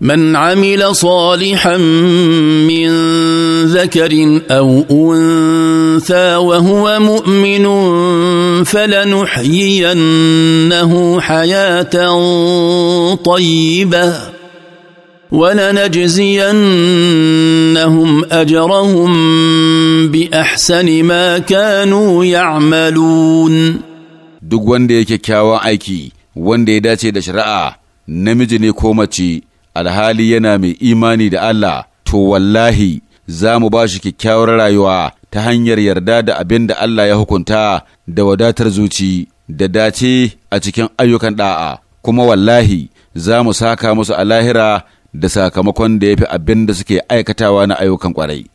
من عمل صالحا من ذكر او انثى وهو مؤمن فلنحيينه حياه طيبه ولنجزينهم اجرهم باحسن ما كانوا يعملون duk wanda ya kyakkyawan aiki wanda ya dace da shari'a alhali yana mai imani da Allah to wallahi za mu ba shi kyakkyawar rayuwa ta hanyar yarda da abin da Allah ya hukunta da wadatar zuci da dace a cikin ayyukan da'a kuma wallahi za mu saka musu alahira da sakamakon da ya fi abin da suke aikatawa na ayyukan ƙwarai.